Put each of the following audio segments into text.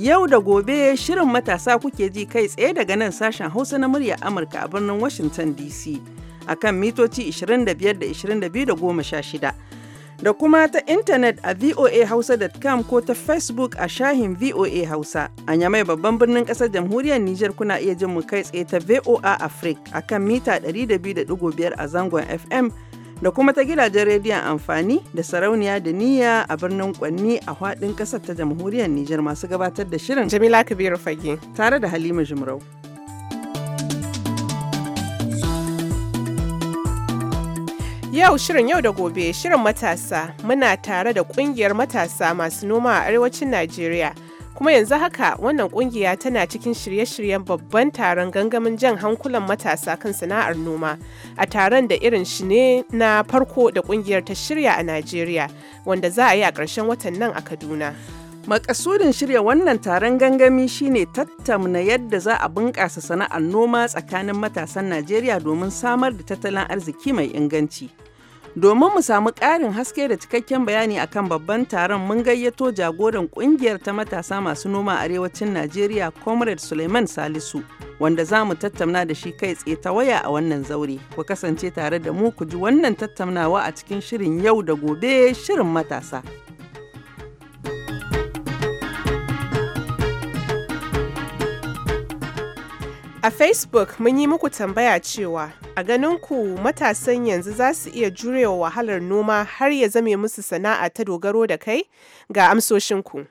Yau da gobe shirin matasa kuke ji kai tsaye daga nan sashen Hausa na muryar Amurka a birnin Washington DC akan mitoci 25 da 22 da 16. Da kuma ta intanet a voahausa.com ko ta Facebook a shahin VOA Hausa. A yamai babban birnin ƙasar jamhuriyar Nijar kuna iya jin mu kai tsaye ta VOA Africa akan mita 102.5 a zangon FM. da kuma ta gidajen rediyon amfani da sarauniya da niyya a birnin kwanni a faɗin ƙasar ta jamhuriyar Nijar masu gabatar da shirin Jamila Kabiru Fage tare da Halima Jumrau. Yau shirin yau da gobe shirin matasa muna tare da ƙungiyar matasa masu noma a arewacin Najeriya kuma yanzu haka wannan kungiya tana cikin shirye-shiryen babban taron gangamin jan hankulan matasa kan sana'ar noma a taron da irin shi ne na farko da kungiyar ta shirya a najeriya wanda za a yi a ƙarshen watan nan a kaduna makasudin shirya wannan taron gangami shine tattauna yadda za a bunƙasa sana'ar noma tsakanin matasan najeriya domin samar da tattalin arziki mai inganci Domin mu samu ƙarin haske da cikakken bayani akan babban taron mun gayyato jagoran ƙungiyar ta matasa masu noma a arewacin Najeriya Comrade Suleiman Salisu wanda za mu tattauna da shi kai tsaye ta waya a wannan zaure. Ku kasance tare da mu ku ji wannan tattaunawa a cikin shirin yau da gobe shirin matasa. A Facebook mun yi muku tambaya cewa a ganin ku matasan yanzu za su iya jurewa wahalar noma har ya zame musu sana'a ta dogaro da kai ga amsoshinku.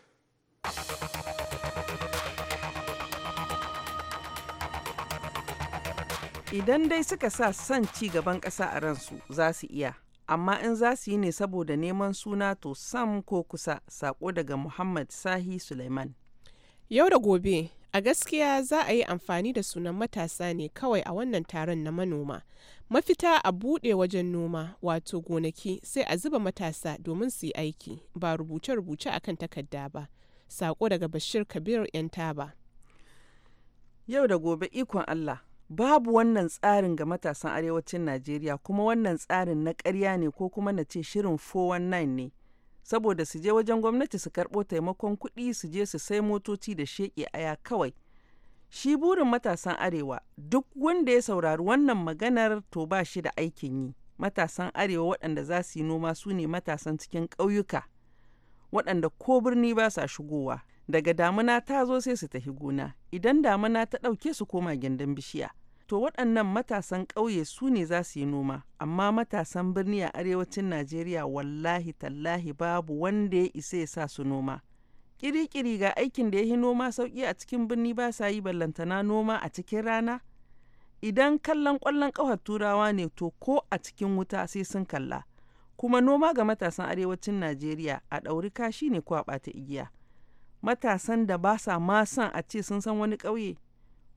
Idan dai suka sa son ci gaban ƙasa a ransu za su iya, amma in za su yi ne saboda neman suna to sam ko kusa, sako daga Muhammad Sahi Suleiman. Yau da gobe, A gaskiya za a yi amfani da sunan matasa ne kawai a wannan taron na manoma. Mafita a buɗe wajen noma, wato gonaki, sai a zuba matasa domin su yi aiki, ba rubuce-rubuce a kan takarda ba. Sako daga Bashir Kabir 'yan taba. Yau da gobe ikon Allah. Babu wannan tsarin ga matasan arewacin Najeriya kuma wannan tsarin na ƙarya ne ko kuma na ce shirin 419 ne. saboda su je wajen gwamnati su karɓo taimakon kuɗi su je su sai motoci da sheƙe aya kawai. Shi burin matasan Arewa duk wanda ya saurari wannan maganar to ba shi da aikin yi. Matasan Arewa waɗanda za su yi noma su ne matasan cikin ƙauyuka waɗanda ko birni ba sa shigowa. Daga damuna ta zo sai su tafi gona, idan damuna ta ɗauke su koma gindin bishiya. To waɗannan matasan ƙauye su ne za su yi noma, amma matasan birni a arewacin Najeriya wallahi tallahi babu wanda ya isa ya sa su noma. Ƙiri-ƙiri ga aikin da ya yi noma sauƙi a cikin birni ba sa yi ballantana noma a cikin rana. Idan kallon ƙwallon ƙafar turawa ne to ko a cikin wuta sai sun kalla. Kuma noma ga matasan arewacin Najeriya a ɗauri kashi ne ko a ɓata igiya. Matasan da ba sa ma san a ce sun san wani ƙauye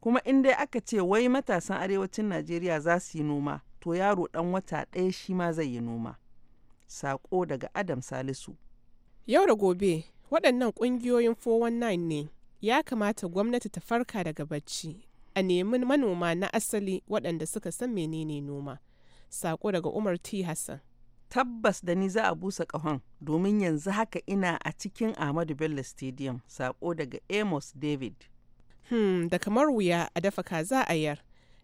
kuma in dai aka ce wai matasan arewacin Najeriya za su yi noma to yaro ɗan wata ɗaya shi ma zai yi noma. Sako daga Adam Salisu. Yau da gobe waɗannan ƙungiyoyin 419 ne ya kamata gwamnati ta farka daga bacci a nemi manoma na asali waɗanda suka san menene noma. Sako daga Umar T. Hassan. Tabbas da ni za a busa ƙahon domin yanzu haka ina a cikin Ahmadu Bello Stadium. Sako daga Amos David. Hmm, da kamar wuya a dafa kaza a yar.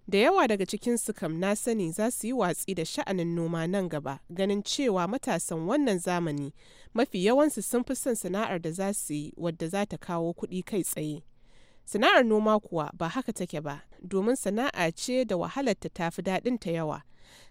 Da yawa daga cikin kam na sani za su yi watsi da sha'anin noma nan gaba, ganin cewa matasan wannan zamani mafi yawansu sun fi son sana'ar da za su yi wadda za ta kawo kuɗi kai tsaye. Sana'ar noma kuwa ba haka take ba, domin sana'a ce da wahalar ta tafi daɗin ta yawa.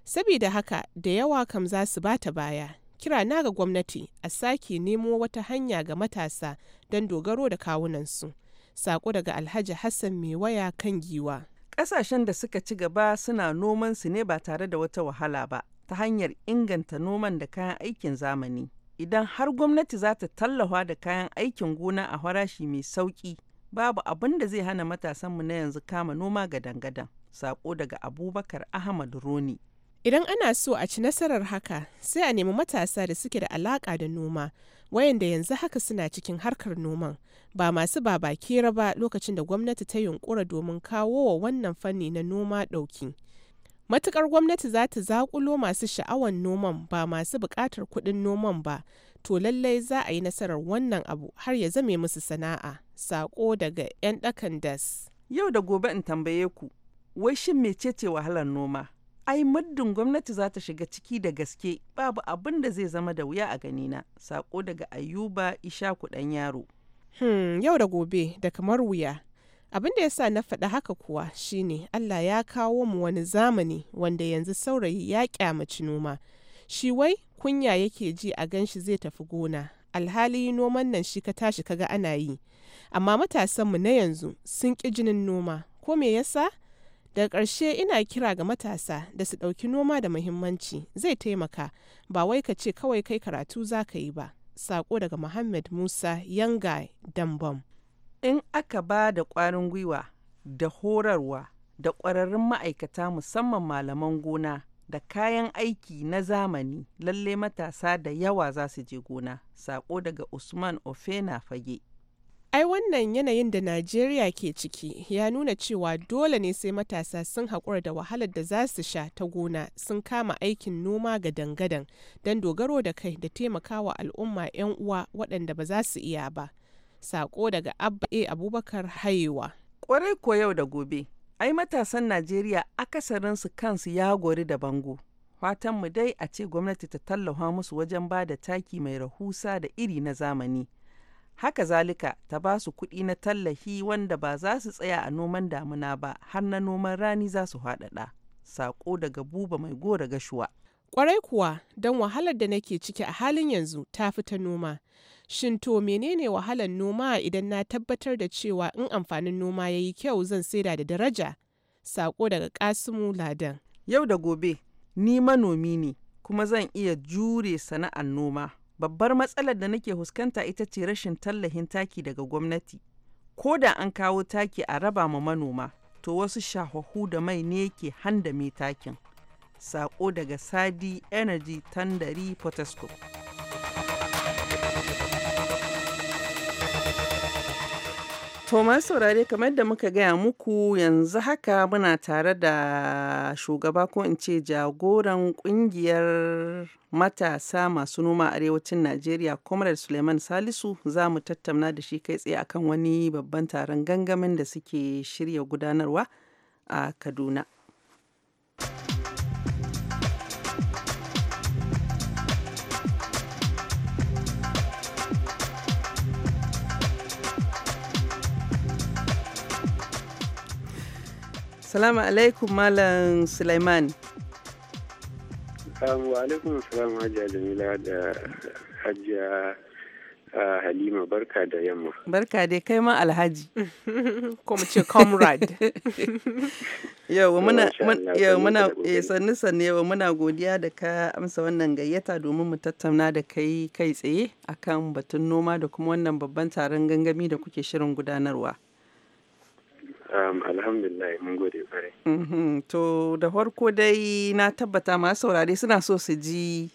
Sabida haka da yawa kam za su bata baya. Kira na ga gwamnati a sake nemo wata hanya ga matasa don dogaro da kawunansu. Sako daga Alhaji Hassan mai waya kan giwa. Ƙasashen da suka ci gaba suna noman su ne ba tare da wata wahala ba ta hanyar inganta noman da kayan aikin zamani. Idan har gwamnati za ta tallafa da kayan aikin gona a farashi mai sauƙi, babu abin da zai hana matasanmu na yanzu kama noma gadan-gadan. Sako daga Abubakar Ahmad Roni. Idan ana so a ci nasarar haka, sai a nemi matasa da suke da alaƙa da noma, wayanda yanzu haka suna cikin harkar noman, ba masu babakera ba lokacin da gwamnati ta yunƙura domin kawo wa wannan fanni na noma ɗauki. Matukar gwamnati za ta zaƙulo masu sha'awan noman ba masu buƙatar kuɗin noman ba, to lallai za a yi nasarar wannan abu har ya zame musu sana'a, saƙo daga 'yan ɗakan das. Yau da gobe in tambaye ku, wai shin mecece wahalar noma? ai muddin gwamnati za ta shiga ciki da gaske babu abin da zai zama da wuya a ganina sako daga ayuba ishaku dan yaro hmm yau da gobe da kamar wuya abin da ya sa na faɗa haka kuwa shine allah ya kawo mu wani zamani wanda yanzu saurayi ya kyamaci noma shi wai kunya yake ji a ganshi zai tafi gona alhali noman nan shi ka tashi kaga ana yi amma matasanmu na yanzu sun ƙi jinin noma ko me yasa daga ƙarshe ina kira ga matasa da su ɗauki noma da muhimmanci zai taimaka ba wai ka ce kawai kai karatu za ka yi ba sako daga muhammad musa yanga dambam in aka ba da ƙwarin gwiwa da horarwa da ƙwararrun ma'aikata musamman malaman gona da kayan aiki na zamani lalle matasa da yawa za su je gona sako daga usman ofena fage Ai wannan yanayin da Najeriya ke ciki ya nuna cewa dole ne sai matasa sun haƙura da wahalar da za su sha ta gona sun kama aikin noma ga dangadan don dogaro da kai da taimakawa al'umma 'yan uwa waɗanda ba za su iya ba. Sako daga Abba A. Abubakar Hayewa. Ƙwarai ko yau da gobe, ai matasan Najeriya akasarin su kansu ya gori da bango. Fatanmu dai a ce gwamnati ta tallafa musu wajen ba da taki mai rahusa da iri na zamani. haka zalika ta ba su kuɗi na tallafi wanda ba za su tsaya a noman damuna ba har na noman rani za su haɗaɗa saƙo daga buba mai gora gashuwa ƙwarai kuwa don wahalar da nake ciki a halin yanzu ta fita noma shin to menene wahalar noma idan na tabbatar da cewa in amfanin noma ya yi kyau zan saida da daraja sako daga kasimu ladan yau da gobe ni manomi ne kuma zan iya jure sana'ar noma babbar matsalar da nake huskanta ita ce rashin tallahin taki daga gwamnati ko da an kawo taki a raba ma manoma to wasu shahuhu da mai ne ke handame takin sako daga sadi energy tandari potescope To masu saurare kamar da muka gaya muku yanzu haka muna tare da shugaba ko in ce jagoran kungiyar matasa masu noma a arewacin Najeriya Comrade Suleiman Salisu za mu tattauna da shi kai tsaye akan wani babban taron gangamin da suke shirya gudanarwa a Kaduna. Salamu alaikum Malam Sulaiman. Salamu alaikum salamu hajiya Jamila da hajiya ah, Halima barka da yamma. Barka dai kai ma alhaji. Ko ce comrade. Yau muna muna eh, sannu sannu yau muna godiya da ka amsa wannan gayyata domin mu tattauna da kai kai tsaye akan batun noma da kuma wannan babban taron gangami da kuke shirin gudanarwa. Um, alhamdulillah mun gode kwarai. Mhm. To da farko dai na tabbata masu saurare suna so su ji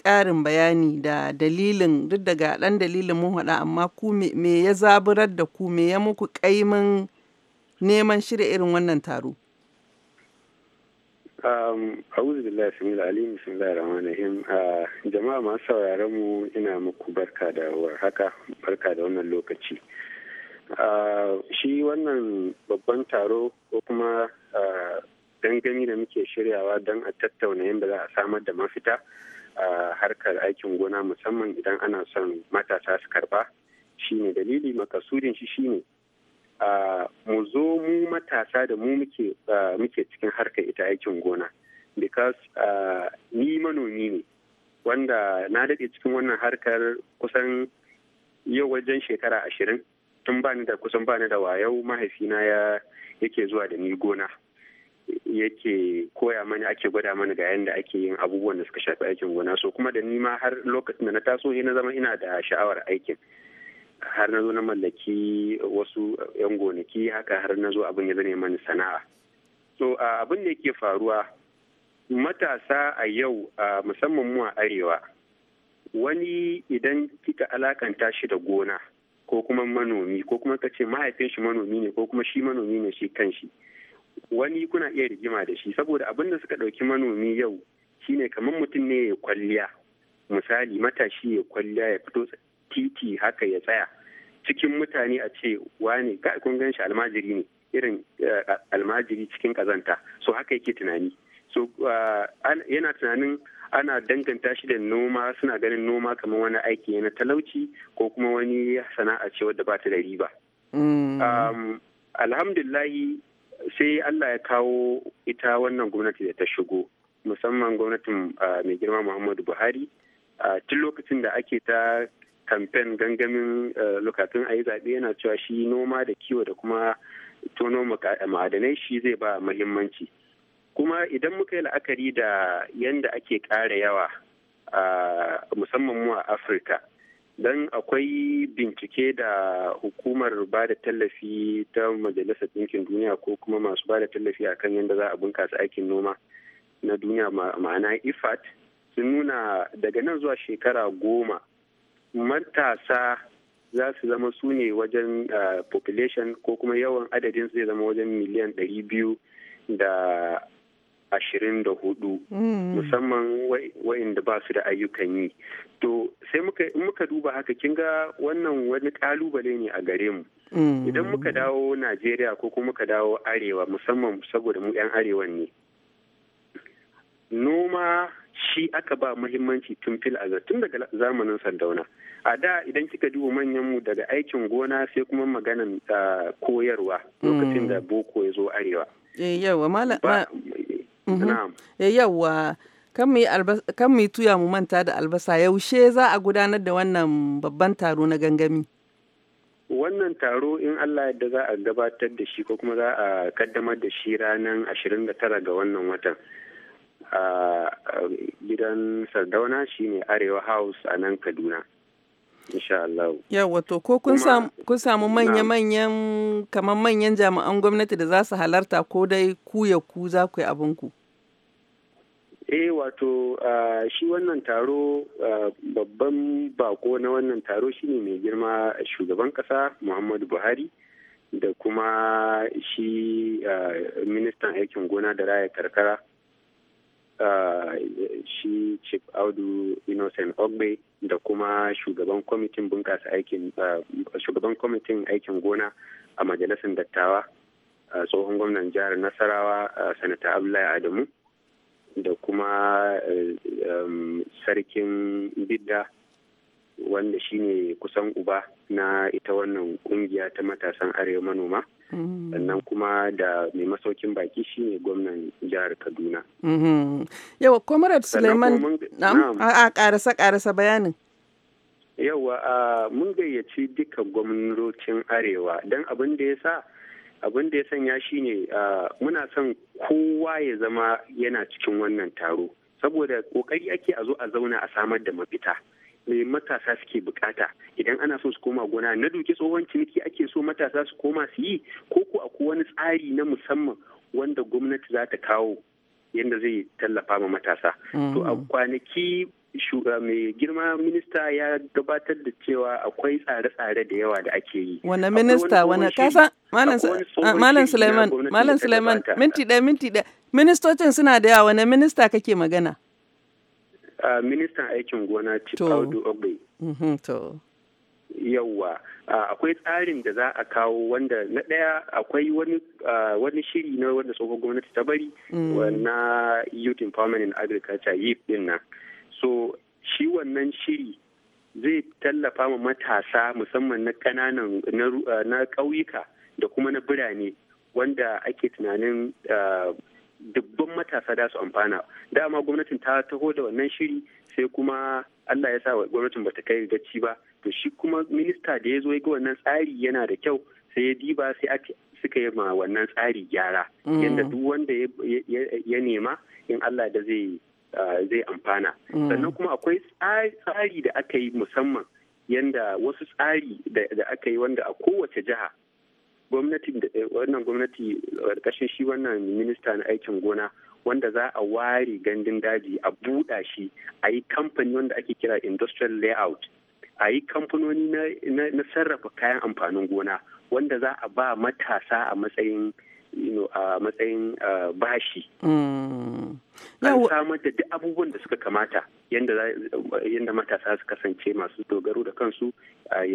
karin bayani da dalilin duk daga ɗan dalilin mun haɗa amma ku me ya zaburar da ku me ya muku ƙaimin neman shirya irin wannan taro. Um, Auzu billahi samil Ali bismillahir rahmanir Uh, jama'a masu sauraron mu ina muku barka da warhaka, barka da wannan lokaci. shi wannan babban taro ko kuma dangane da muke shiryawa don a tattauna yadda za a samar da mafita a harkar aikin gona musamman idan ana son matasa su karba ne dalili makasudin shi shi ne mu zo mu matasa da mu muke cikin harkar ita aikin gona because ni manomi ne wanda na daɗe cikin wannan harkar kusan yau wajen shekara ashirin tun bani da kusan bani da wayau mahaifina ya yake zuwa da ni gona yake koya mani ake gwada mani ga yadda ake yin abubuwan da suka shafi aikin gona so kuma da ni ma har lokacin da na taso na zama ina da sha'awar aikin har na zo na mallaki wasu 'yan gonaki haka har na zo abin ya zane mani sana'a so abin da yake faruwa matasa a yau musamman mu a arewa wani idan kika alakanta shi da gona ko kuma manomi ko kuma ka ce mahaifin shi manomi ne ko kuma shi manomi ne shi kanshi wani kuna iya rigima da shi saboda abin da suka ɗauki manomi yau shine kamar mutum ne ya kwalliya misali matashi ya kwalliya ya fito titi haka ya tsaya cikin mutane a ce wane ga kun gan shi almajiri ne irin eh, almajiri cikin kazanta so haka yake tunani so ah, yana tunanin ana danganta shi da noma suna ganin noma kamar wani aiki na talauci ko kuma wani sana'a ce wadda ba ta da riba. Mm. Um, alhamdulillahi sai Allah ya kawo ita wannan gwamnati da ta shigo musamman gwamnatin uh, mai girma Muhammadu Buhari uh, tun lokacin da ake ta kamfen gangamin uh, lokacin a yi zaɓe yana cewa shi noma da kiwo da kuma tono ma'adanai shi zai ba muhimmanci. kuma idan muka yi la'akari da yadda ake ƙara yawa a musamman mu a afirka don akwai bincike da hukumar ba da tallafi ta majalisar ɗinkin duniya ko kuma masu ba da tallafi akan yadda za a bunkasa aikin noma na duniya ma'ana ifat sun nuna daga nan zuwa shekara goma matasa za su zama su ne wajen population ko kuma yawan adadin zai zama wajen miliyan ɗari biyu da ashirin da hudu mm. musamman wa'inda ba su da ayyukan yi to sai muka duba haka kin ga wannan wani kalubale ne a gare mu mm. idan muka dawo najeriya ko kuma muka dawo arewa musamman saboda mu 'yan Arewa ne noma shi aka ba muhimmanci tun fil a tun daga zamanin Sandauna a da idan kika duba manyan mu daga aikin gona sai kuma maganan ah, koyarwa mm. lokacin da boko ya zo arewa eh, Mm-hmm. Eh, Yawwa. Kan mu tuya mu manta da albasa yaushe za a gudanar da wannan babban taro na gangami? Wannan taro in Allah yadda za a gabatar da shi ko kuma za a kaddamar da shi ranar da tara ga wannan watan. a ah, gidan sardauna shine arewa house a nan kaduna Insha Allah. Yawa to ko kun samu manya-manyan kamar manyan jami'an gwamnati da za su halarta ko dai ku ya ku za ku yi abinku? Eh wato shi wannan taro babban bako na wannan taro shine mai girma shugaban kasa Muhammadu Buhari da kuma shi ministan aikin gona da raya karkara. Uh, shi chief audu innocent ogbe da kuma shugaban kwamitin bunƙasa aikin uh, shugaban kwamitin aikin gona a majalisar dattawa uh, tsohon gwamnan jihar nasarawa a sanata abdullahi adamu da kuma um, sarkin bidda wanda shine kusan uba na ita wannan kungiya ta matasan arewa manoma mm-hmm. sannan kuma da mai masaukin baki shine gwamnan jihar kaduna mm-hmm. yawa comrade suleiman a karasa karasa bayanin yawa mun gayyaci duka gwamnatocin arewa don abin da ya sa abin da ya sanya shine muna son kowa ya zama yana cikin wannan taro saboda kokari ake a zo a zauna a samar da mafita me matasa suke bukata idan ana so su koma gona na duki tsohon ciniki ake so matasa su koma su yi ko ko akwai wani tsari na musamman wanda gwamnati za ta kawo yadda zai tallafa ma matasa to a mm-hmm. kwanaki eh, mai girma minista ya gabatar da cewa akwai tsare-tsare da yawa da ake yi. wani minista wani kasa Malam Suleiman Malam Suleiman minti ɗaya minti ɗaya ministocin suna da yawa wani minista kake magana? Uh, ministan aikin gona Tifaudu Ogbe. Mm-hmm, yauwa uh, akwai tsarin da za a kawo wanda na ɗaya akwai wani uh, shiri na wanda tsohon gwamnati ta bari mm. na youth empowerment in agriculture yip din nan so shi wannan shiri zai tallafa ma matasa musamman na ƙananan na ƙauyuka da kuma na birane wanda ake tunanin dubban matasa da su amfana dama gwamnatin ta taho da wannan shiri sai kuma Allah ya sa gwamnatin bata kai gaci ba to shi kuma minista da ya zo ya ga wannan tsari yana da kyau sai ya diba sai ake suka yi ma wannan tsari gyara mm. yadda duk wanda ya nema in Allah da zai zai amfana mm. sannan kuma akwai tsari da aka yi musamman yanda wasu tsari da aka yi wanda a kowace jiha gwamnatin eh, wannan gwamnati ƙarƙashin shi wannan minista na aikin gona wanda za a ware gandun daji a buɗa shi a yi kamfani wanda ake kira industrial layout a yi kamfanoni na sarrafa kayan amfanin gona wanda za a ba matasa a matsayin a matsayin bashi mm. an samar da duk abubuwan da suka kamata yadda matasa su kasance masu dogaro da kansu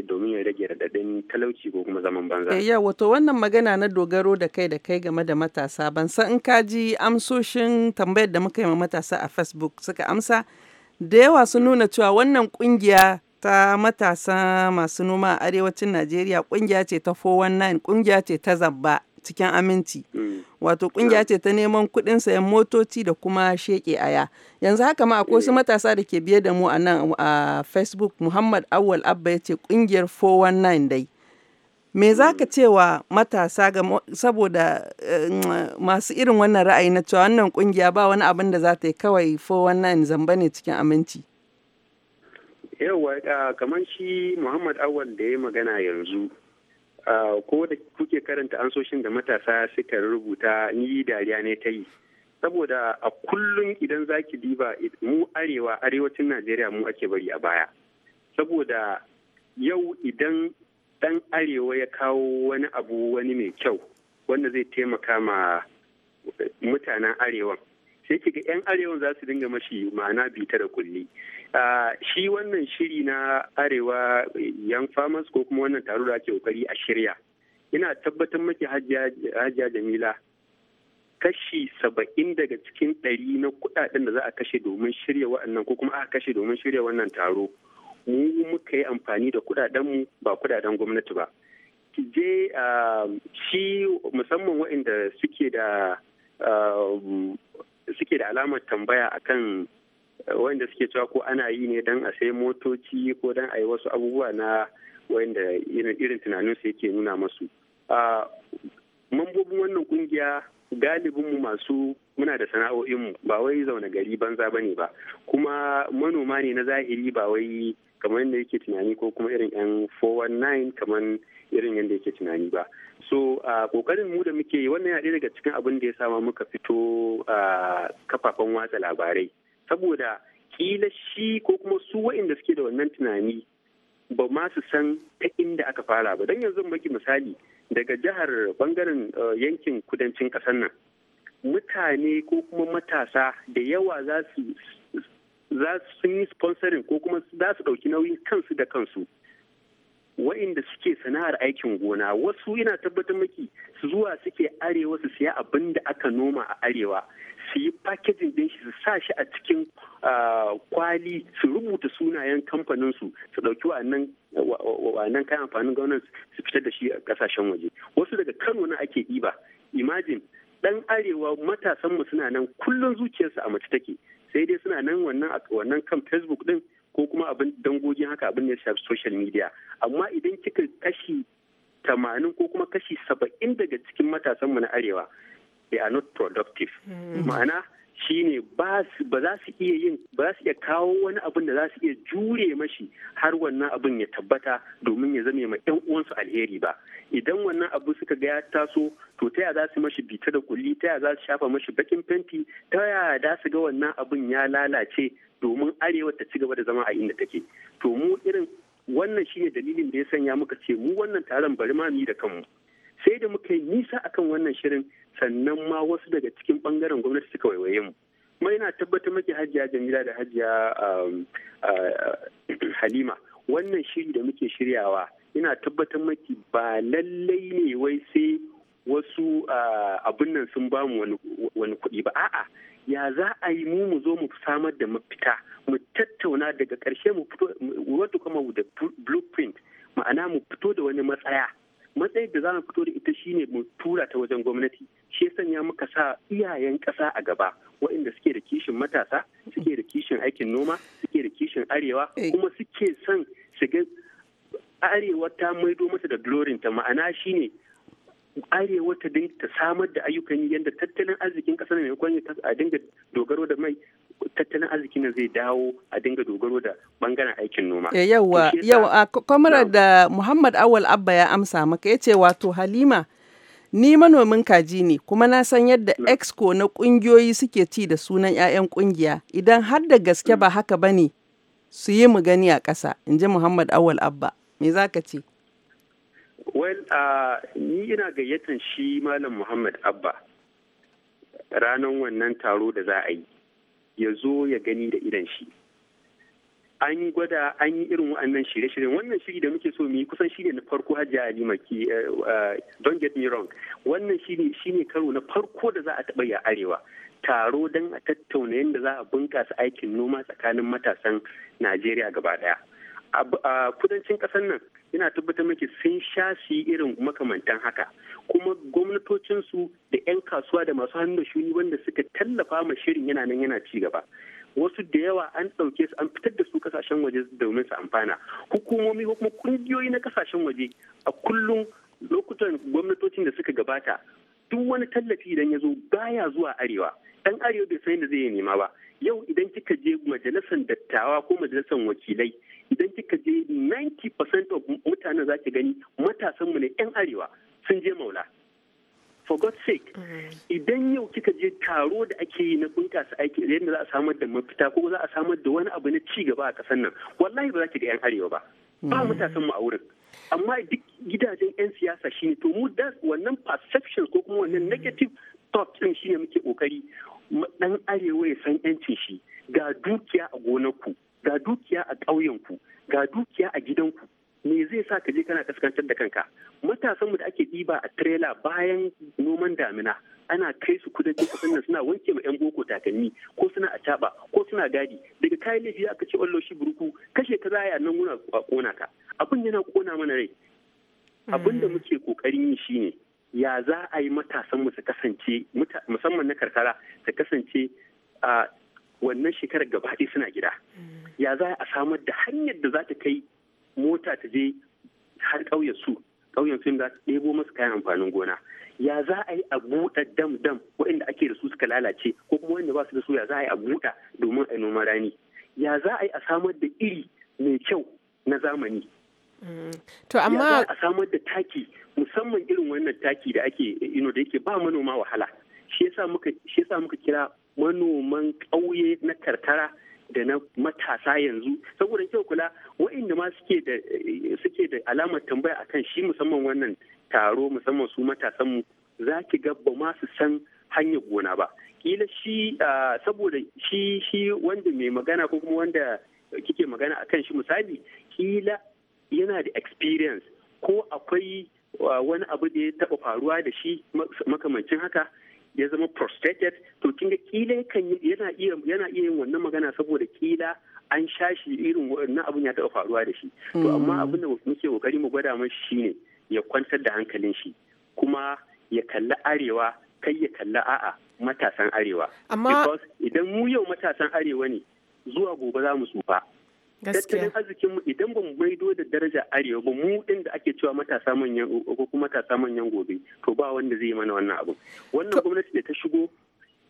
domin ya rage radadin talauci ko kuma zaman banza. Eh, ya wato wannan magana na dogaro da kai da kai game da matasa ban san in ka ji amsoshin tambayar da muka yi ma matasa a Facebook suka amsa da yawa su nuna cewa wannan kungiya ta matasa masu noma a arewacin Najeriya kungiya ce ta 419 kungiya ce ta zabba cikin aminci. Mm. Wato kungiya ce ta neman kuɗin sayan motoci da kuma sheke aya. Yanzu haka ma akwai wasu mm. matasa da ke biye da mu a nan a Facebook Muhammad Awal Abba ya ce kungiyar 419 dai. Me za ka mm. ce wa matasa ga saboda eh, masu irin wannan ra'ayi na cewa wannan kungiya ba wani abin da za ta yi kawai 419 zamba ne cikin aminci. Yawwa eh, kamar shi Muhammad Awal da ya magana yanzu. Ah, ko da kuke karanta ansoshin da matasa suka rubuta ni dariya ne ta yi saboda a kullum idan za ki diba mu arewa arewacin najeriya mu ake bari a baya saboda yau idan dan arewa ya kawo wani abu wani mai kyau wanda zai taimaka ma mutanen arewan sai kiga 'yan arewa za su dinga mashi ma'ana bita da kulle shi wannan shiri na arewa eh, yan farmers ko kuma wannan taro da ake kokari a shirya ina tabbatar maki hajiya jamila kashi saba'in daga cikin ɗari na kuɗaɗen da za a kashe domin shirya wa'annan ko kuma aka kashe domin shirya wannan taro mu muka yi amfani da kuɗaɗen kuɗaɗenmu ba kuɗaɗen gwamnati ba ki je shi musamman waɗanda suke da suke da alamar tambaya akan eh, wanda suke cewa ko ana yi ne don a sai motoci ko don a yi wasu abubuwa na wanda irin tunanin su yake nuna masu. Ah, mambobin wannan kungiya galibinmu masu muna da sana'o'inmu ba wai zaune gari banza ba ne ba kuma manoma ne na zahiri ba wai kamar yadda yake tunani ko kuma irin yan 419 kamar irin yadda yake tunani ba so a kokarin mu da muke yi wannan yadda daga cikin abin da ya sama muka fito a kafafen watsa labarai saboda kila shi ko kuma su wa'inda suke da wannan tunani ba ma su san ta inda aka fara ba don yanzu maki misali daga jihar bangaren eh, yankin kudancin kasar nan mutane ko kuma matasa da yawa za su za su yi sponsoring ko kuma za su ɗauki nauyin kansu da kansu wa'inda suke sana'ar aikin gona wasu yana tabbatar maki zuwa suke arewa su siya abin da aka noma a arewa su yi packaging din shi su sa shi a cikin kwali su rubuta sunayen kamfanin su su ɗauki wa'annan kayan amfanin gwamnati su fitar da shi a ƙasashen waje wasu daga kano na ake ɗiba imajin. dan arewa matasanmu suna nan kullum zuciyarsu a mace take sai dai suna nan wannan wannan kan facebook din ko kuma abin dangogin haka abin da a shafi social media amma idan kika kashi tamanin ko kuma kashi saba'in daga cikin matasanmu na arewa they are not productive hmm. ma'ana mm -hmm. shine ba za su iya yin ba za su iya kawo wani abin da za su iya jure mashi har wannan abin ya tabbata domin ya zame ma yan uwansu alheri ba idan wannan abu suka ga ya taso to ta ya za su mashi bita da kulli ta ya za su shafa mashi bakin fenti ta ya za su ga wannan abin ya lalace domin arewa ta ci gaba da zama a inda take to mu irin wannan shine dalilin da ya sanya muka ce mu wannan taron bari ma mu da kanmu sai da muka yi nisa akan wannan shirin sannan ma wasu daga cikin bangaren gwamnati suka waiwaye mu kuma yana tabbatar maki hajiya jamila da hajiya um, uh, halima wannan shiri da muke shiryawa yana tabbatar maki ba lallai ne wai sai wasu uh, abin nan sun bamu wani kuɗi ba a'a ya za a yi mu mu zo mu samar da mafita mu tattauna daga karshe mu fito wato kama da blueprint ma'ana mu fito da wani matsaya matsayin da za mu fito da ita shine mu tura ta wajen gwamnati shi ya sanya muka sa iyayen ƙasa a gaba waɗanda suke da kishin matasa suke da kishin aikin noma suke da kishin arewa eh. kuma suke son su ga ta maido masa da glorinta ma'ana shine arewa ta dinga samar da ayyukan yi yadda tattalin arzikin kasar maimakon a dinga dogaro da mai tattalin arziki na zai dawo a dinga dogaro da bangaren aikin noma. Eh, yawa, yawa, kwamarar da Muhammad Awal Abba ya amsa maka ya ce wato Halima, ni manomin kaji ne kuma na san yadda exco na kungiyoyi suke ci da sunan 'ya'yan kungiya idan har da gaske ba mm. haka ba ne su yi mu gani a ƙasa in ji muhammad awal abba me za ka ce well uh, ni ina gayyatan shi malam muhammad abba ranar wannan taro da za a yi ya zo ya gani da idan shi an gwada an yi irin wa'annan shirye-shiryen wannan shiri da muke so mu yi kusan shi ne na farko hajji halima ki eh, eh, don get me wrong wannan shi ne karo na farko da za a taɓa yi a arewa taro don a tattauna yadda za a bunƙasa aikin noma tsakanin matasan najeriya gaba ɗaya a kudancin ƙasar nan yana tabbatar miki sun sha su irin makamantan haka kuma gwamnatocinsu da 'yan kasuwa da masu hannun shuni wanda suka tallafa ma shirin yana nan yana ci gaba wasu da yawa an ɗauke su an fitar da su kasashen waje domin su amfana hukumomi ko kuma kungiyoyi na kasashen waje a kullum lokutan gwamnatocin da suka gabata duk wani tallafi idan ya zo baya zuwa arewa ɗan arewa bai san yadda zai yi nema ba yau idan kika je majalisar dattawa ko majalisar wakilai idan kika je 90% of mutanen za ki gani matasanmu ne 'yan arewa sun je maula for God's sake mm. idan yau kika je taro da ake yi na bunƙasa aiki yadda za a samar da mafita ko za a samar da wani abu na ci gaba a ƙasar nan wallahi ba za ki ga 'yan arewa ba ba mm. matasan mu a wurin amma duk gidajen 'yan siyasa shine to mu da wannan perception ko kuma wannan negative thought din shine muke kokari dan arewa ya san yancin shi ga dukiya a gonarku ga dukiya a ƙauyenku ga dukiya a gidanku me zai sa ka je kana kaskantar da kanka matasanmu da ake ɗiba a trailer bayan noman damina ana kai su kudancin kasan nan suna wanke ma 'yan boko takalmi ko suna a ko suna gadi daga kayan laifi aka ce wallo shi buruku kashe ka zaya nan muna kona ka abin yana kona mana rai abin da hmm. muke kokarin yi shine ya za a yi matasanmu su kasance musamman na karkara su kasance a wannan shekarar gaba suna gida mm. ya za a samar da hanyar da za ta kai mota ta je har ƙauyen su ƙauyen su da ɗebo masu kayan amfanin gona ya za a yi a buɗe dam dam waɗanda ake da su suka lalace ko kuma wanda ba su da su ya za a yi a buɗe domin a noman rani ya za a yi a samar da iri mai kyau na zamani To amma a samar da taki musamman irin wannan taki da ake ino da yake ba manoma wahala. Shi yasa muka kira manoman ƙauye na karkara da na matasa yanzu saboda kyau kula waɗanda ma suke da alamar tambaya akan shi musamman wannan taro musamman su matasanmu za ki ga ba ma su san hanyar gona ba kila shi saboda shi shi wanda mai magana ko kuma wanda kike magana akan shi misali kila yana da experience ko akwai uh, wani abu da ya taɓa faruwa da shi makamancin haka ya zama prostrated to kinga kila yana iya yana iya yin wannan magana saboda kila an sha shi irin wannan abun ya taba faruwa da shi to amma mm. abin da muke kokari mu gwada mashi shine ya kwantar da hankalin shi kuma ya kalla arewa kai ya kalla a'a matasan arewa amma idan mu yau matasan arewa ne zuwa gobe za mu tsufa tattalin arzikin mu idan ba mu maido da daraja arewa ba mu din da ake cewa matasa manyan ko kuma matasa manyan gobe to ba wanda zai yi mana wannan abu wannan gwamnati da ta shigo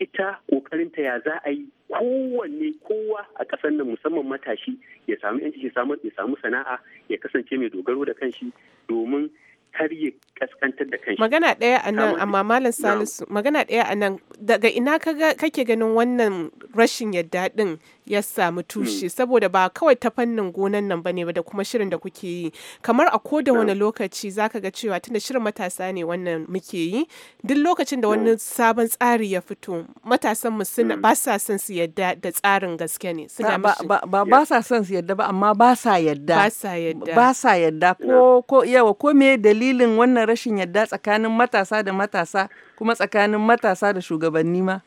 ita kokarin ta ya za a yi kowanne kowa a ƙasar nan musamman matashi ya samu yanci ya samu ya samu sana'a ya kasance mai dogaro da kanshi domin kar ya kaskantar da kanshi magana ɗaya a nan amma malam salisu magana ɗaya a nan daga ina kake ganin wannan rashin yadda din ya samu tushe hmm. saboda ba kawai ta fannin gonan nan bane ba da kuma shirin da kuke yi kamar a ko da wani lokaci zaka ga cewa tunda shirin matasa ne wannan muke yi duk lokacin da wani sabon tsari ya fito matasan mu suna hmm. ba sa son su yadda da tsarin gaske ne suna ba ba sa son su yadda ba amma ba sa yadda ba sa yadda ba sa yadda ko ko yawa ko me dalilin wannan rashin yadda tsakanin matasa da matasa kuma tsakanin matasa da shugabanni ma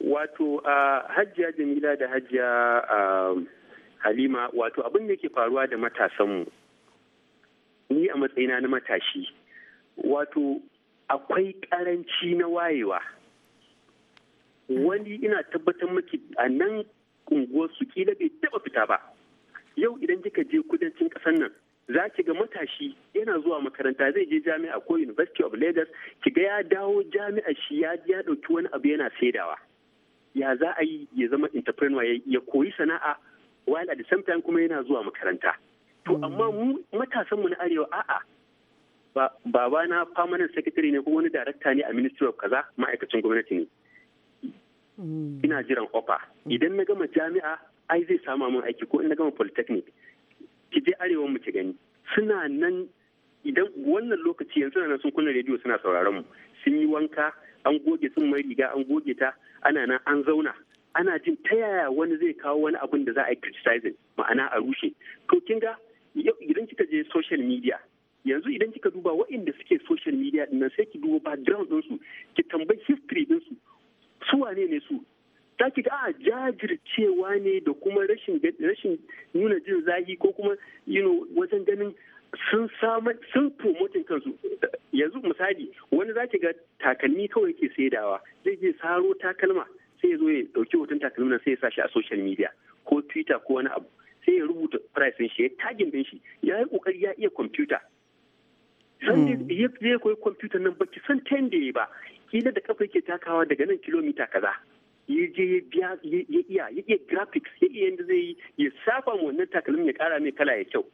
wato a hajjiya jamila da hajjiya halima wato abin da ke faruwa da matasanmu ni a matsayina na matashi wato akwai karanci na wayewa wani ina tabbatar maki a nan unguwarsu kila bai taba fita ba yau idan kika je kudancin ƙasar nan za ki ga matashi yana zuwa makaranta zai je jami'a ko university of lagos ki ga ya dawo jami'a shi ya ya ɗauki wani abu yana saidawa ya za a yi ya zama entrepreneur ya koyi sana'a while at the same time kuma yana zuwa makaranta to hmm. amma mu matasan mu na arewa a'a baba na permanent secretary ne ko wani director ne a ministry of kaza ma'aikacin gwamnati ne hmm. ina jiran offer hmm. idan na gama jami'a ai zai sama min aiki ko in na gama polytechnic ki je arewa mu ki gani suna nan idan wannan lokaci yanzu na sun kunna rediyo suna sauraron mu sun yi wanka an goge sun mai riga an goge ta ana nan an zauna ana jin ta yaya wani zai kawo wani abin da za a yi criticizing ma'ana a rushe to kin ga idan kika je social media yanzu idan kika duba waɗanda suke social media dinnan sai ki duba background ɗinsu ki tambayi history ɗinsu su wane ne su ta ki a jajircewa ne da kuma rashin nuna jin zaki ko kuma you know wajen ganin sun samar sun promotin kansu yanzu misali wani za ki ga takalmi kawai yake saidawa zai je saro takalma sai ya zo ya dauki hoton takalmin nan sai ya sashi a social media ko twitter ko wani abu sai ya rubuta price shi ya tagin din shi ya yi kokari ya iya computer san da hmm. ya koyi computer nan baki san ten da ba kila da kafa yake takawa daga nan kilomita kaza ya je ya biya ya iya ya iya graphics ya iya yanda zai yi ya safa wannan takalmin ya kara mai kala ya kyau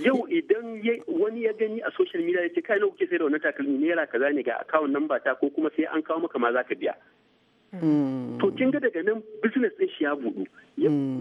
Yau idan wani ya gani a social media ya ce kai na kuke sai da wani takalmi naira kaza ne ga akawun number ta ko kuma sai an kawo maka ma za ka biya. To kin ga daga nan business din shi ya budu.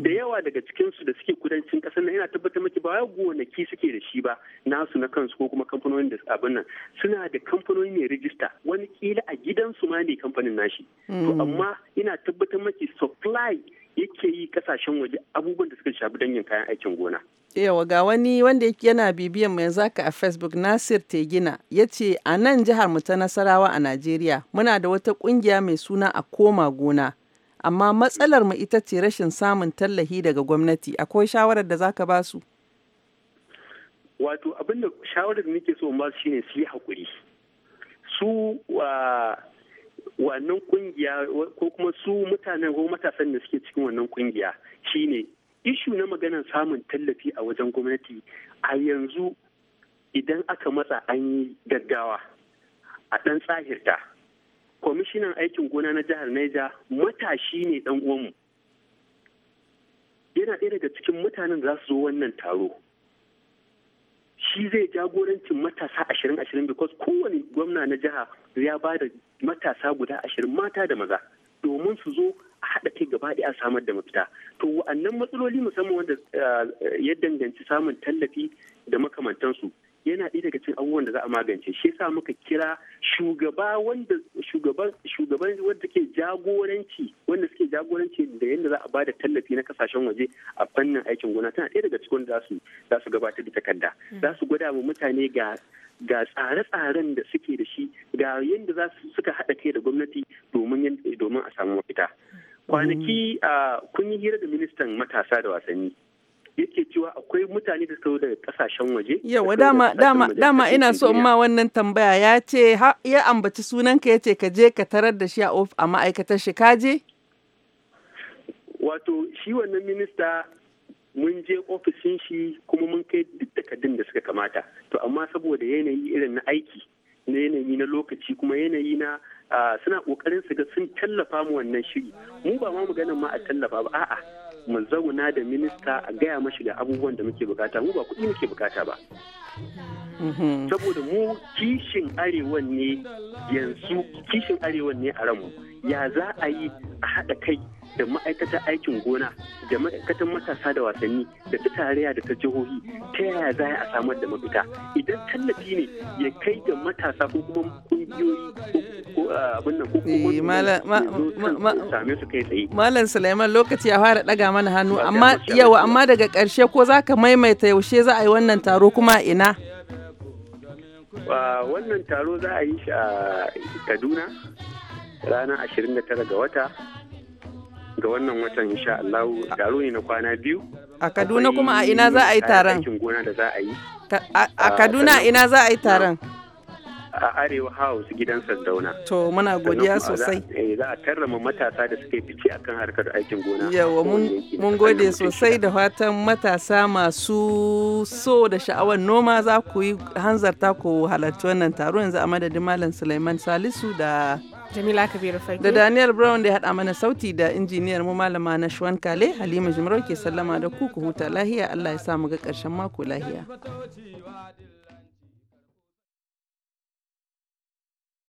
Da yawa daga cikin su da suke kudancin kasar nan yana tabbatar miki ba wai gonaki suke da shi ba nasu na kansu ko kuma kamfanonin da abin nan suna da kamfanoni ne register wani kila a gidan su ma ne kamfanin nashi. To amma ina tabbatar maki supply yake yi kasashen waje abubuwan da suka shafi dangin kayan aikin gona. Yawa ga wani wanda yana bibiyan mai zaka a Facebook Nasir Tegina ya ce a nan jihar mu ta Nasarawa a Najeriya muna da wata kungiya mai suna a koma gona amma matsalar mu ita ce rashin samun tallahi daga gwamnati akwai shawarar da zaka ba su wato abinda shawarar da nake so ba su shine su yi hakuri su wannan kungiya ko kuma su mutanen ko matasan da suke cikin wannan kungiya shine ishu na maganar samun tallafi a wajen gwamnati a yanzu idan aka matsa an yi gaggawa a ɗan tsahirta kwamishinan aikin gona na jihar Niger matashi ne ɗan uwanmu yana ɗaya daga cikin mutanen za su zo wannan taro shi zai jagorancin matasa ashirin ashirin because kowane gwamna na jiha ya ba da matasa guda ashirin mata da maza domin su zo a haɗa kai gaba a samar da mafita to wa'annan matsaloli musamman wanda eh, ya danganci samun tallafi da makamantansu yana ɗaya daga cikin abubuwan da za a magance shi yasa muka kira shugaba wanda shugaban shugaban wanda ke jagoranci wanda suke jagoranci da yadda za a ba da tallafi na kasashen waje a fannin aikin gona tana ɗaya daga cikin wanda za su gabatar da takarda mm. za su gwada wa mutane ga ga tsare-tsaren da suke da shi ga yadda za su suka haɗa kai da gwamnati domin a samu mafita kwanaki mm-hmm. kun yi hira da ministan matasa da wasanni yake cewa akwai mutane da suka daga kasashen waje. Yawa dama ina so ma wannan tambaya ya ce ya ambaci sunanka ya ce ka je ka tarar da shi a a ma'aikatar shi ka je? Wato shi wannan minista mun je ofishin shi kuma mun kai duk takardun da suka kamata to amma saboda yanayi irin na aiki na yanayi na lokaci kuma yanayi na suna kokarin su ga sun tallafa mu wannan shiri mu ba ma ganin ma a tallafa ba a'a mu zauna da minista a gaya mashi da abubuwan da muke bukata mu ba kuɗi muke bukata ba mm-hmm. saboda mu kishin arewan ne yanzu kishin arewan ne a ramu ya za a yi a haɗa kai da ma'aikatar aikin gona da ma'aikatar matasa da wasanni da ta tarayya da ta jihohi ta yaya za a samar da mafita idan tallafi ne ya kai ga matasa ko kuma kungiyoyi ko ah, abin nan ko kuma eh, same su kai tsaye malam Sulaiman lokaci ya fara daga mana hannu amma yawa amma daga karshe ko zaka maimaita yaushe za a yi wannan taro kuma ina wannan taro za a yi shi a Kaduna ranar 29 ga wata ga wannan watan insha Allah garo ne na kwana biyu a Kaduna kuma a ina za a yi taron aikin gona da za a yi a Kaduna ina za a yi taron a arewa house gidan sardauna to muna godiya sosai za a karrama eh, matasa da suke fice akan harkar aikin gona yawa mun gode sosai da fatan matasa masu so da sha'awar noma za ku yi hanzarta ku halarci wannan taro yanzu a madadin malam suleiman salisu da Jamila Kabiru Fage. Da Daniel Brown da ya haɗa mana sauti da injiniyar mu malama na Shuan Kale Halima Jimarau ke sallama da ku ku huta lahiya Allah ya sa mu ga ƙarshen mako lahiya.